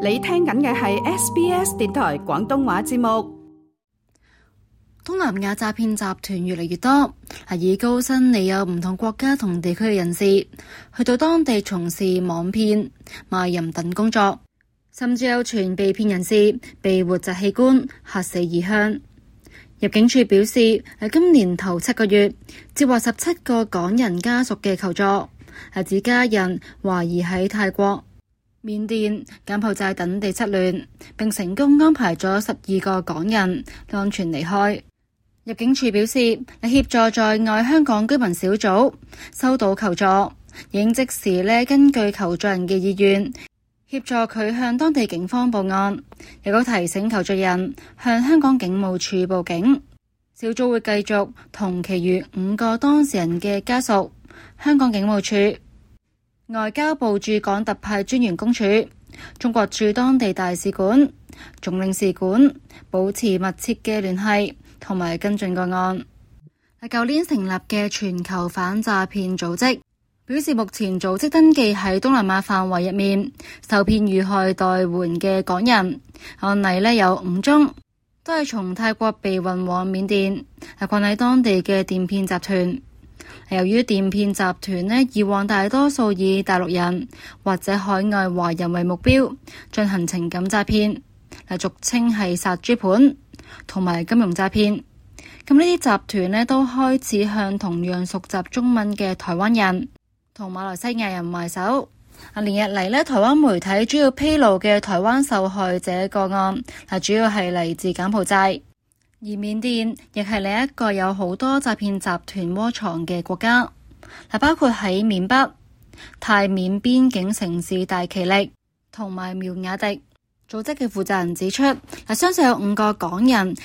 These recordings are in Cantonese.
你聽緊嘅係 SBS 電台廣東話節目。東南亞詐騙集團越嚟越多，係以高薪利誘唔同國家同地區嘅人士去到當地從事網騙、賣淫等工作，甚至有傳被騙人士被活摘器官吓死異鄉。入境處表示，喺今年頭七個月接獲十七個港人家屬嘅求助，係指家人懷疑喺泰國。緬甸、柬埔寨等地失聯，並成功安排咗十二個港人安全離開。入境處表示，協助在外香港居民小組收到求助，應即時呢，根據求助人嘅意願，協助佢向當地警方報案，亦都提醒求助人向香港警務處報警。小組會繼續同其餘五個當事人嘅家屬、香港警務處。外交部駐港特派專員公署、中國駐當地大使館、總領事館保持密切嘅聯繫同埋跟進個案。喺舊年成立嘅全球反詐騙組織表示，目前組織登記喺東南亞範圍入面受騙遇害待援嘅港人案例呢有五宗，都係從泰國被運往緬甸，係困喺當地嘅電騙集團。由於電騙集團咧，以往大多數以大陸人或者海外華人為目標，進行情感詐騙，係俗稱係殺豬盤，同埋金融詐騙。咁呢啲集團咧都開始向同樣熟習中文嘅台灣人同馬來西亞人埋手。啊，連日嚟咧，台灣媒體主要披露嘅台灣受害者個案，嗱主要係嚟自柬埔寨。而緬甸亦係另一個有好多詐騙集團窩藏嘅國家，嗱，包括喺緬北泰緬邊境城市大其力同埋苗雅迪組織嘅負責人指出，嗱，相信有五個港人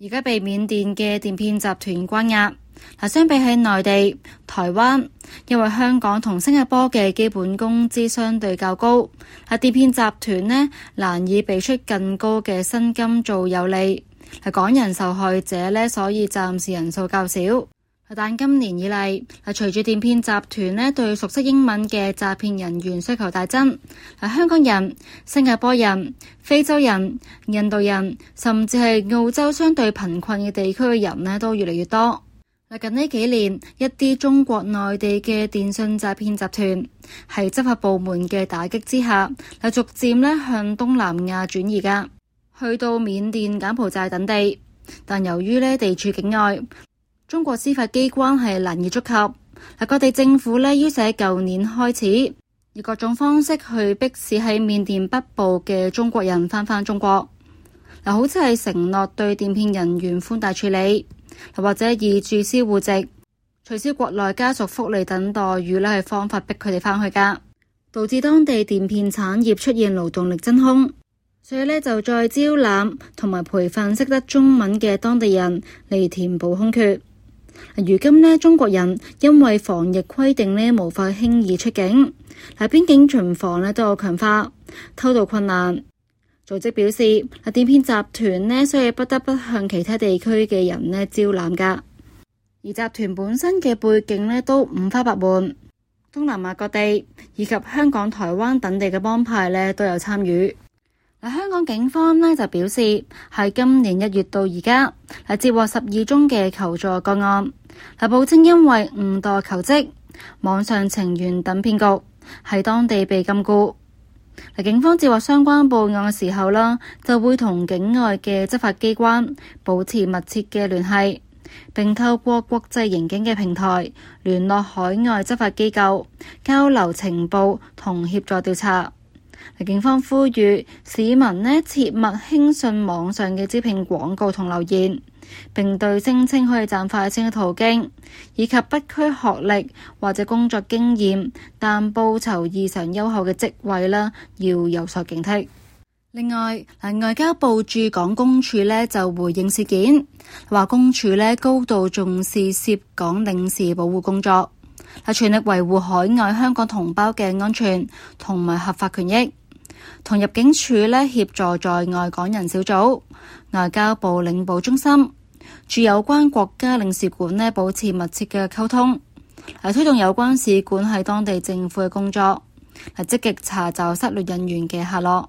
而家被緬甸嘅電騙集團關押。嗱，相比喺內地、台灣，因為香港同新加坡嘅基本工資相對較高，嗱，電騙集團呢難以俾出更高嘅薪金做有利。係港人受害者咧，所以暫時人數較少。但今年以嚟，係隨住電騙集團咧對熟悉英文嘅詐騙人員需求大增，係香港人、新加坡人、非洲人、印度人，甚至係澳洲相對貧困嘅地區嘅人呢，都越嚟越多。嗱，近呢幾年，一啲中國內地嘅電信詐騙集團係執法部門嘅打擊之下，係逐漸咧向東南亞轉移噶。去到緬甸、柬埔寨等地，但由於呢地處境外，中國司法機關係難以觸及。嗱，各地政府咧，於是喺舊年開始，以各種方式去逼使喺緬甸北部嘅中國人翻返中國。嗱，好似係承諾對電騙人員寬大處理，又或者以注銷戶籍、取消國內家屬福利等待遇呢係方法逼佢哋翻去噶，導致當地電騙產業出現勞動力真空。所以咧，就再招攬同埋培訓識得中文嘅當地人嚟填補空缺。如今呢，中國人因為防疫規定呢無法輕易出境。喺邊境巡防呢都有強化，偷渡困難。組織表示，啊，電騙集團呢，所以不得不向其他地區嘅人呢招攬噶。而集團本身嘅背景呢都五花八門，東南亞各地以及香港、台灣等地嘅幫派呢都有參與。香港警方呢就表示，係今年一月到而家，係接獲十二宗嘅求助個案，係報稱因為誤墮求職、網上情緣等騙局，喺當地被禁錮。警方接獲相關報案嘅時候啦，就會同境外嘅執法機關保持密切嘅聯繫，並透過國際刑警嘅平台聯絡海外執法機構，交流情報同協助調查。警方呼籲市民咧切勿輕信網上嘅招聘廣告同留言，並對聲稱可以賺快錢嘅途徑，以及不拘學歷或者工作經驗，但報酬異常優厚嘅職位咧要有所警惕。另外，外交部駐港公署咧就回應事件，話公署咧高度重視涉港領事保護工作。係全力維護海外香港同胞嘅安全同埋合法權益，同入境處咧協助在外港人小組、外交部領保中心駐有關國家領事館咧保持密切嘅溝通，係推動有關使館喺當地政府嘅工作，係積極查找失聯人員嘅下落。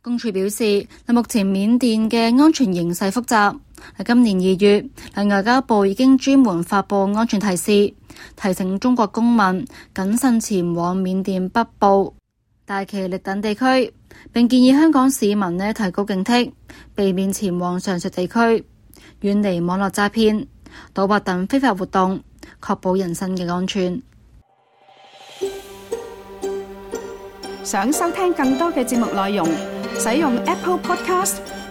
公署表示，目前緬甸嘅安全形勢複雜。喺今年二月，外交部已經專門發布安全提示，提醒中國公民謹慎前往緬甸北部、大其力等地區，並建議香港市民呢提高警惕，避免前往上述地區，遠離網絡詐騙、賭博等非法活動，確保人身嘅安全。想收聽更多嘅節目內容，使用 Apple Podcast。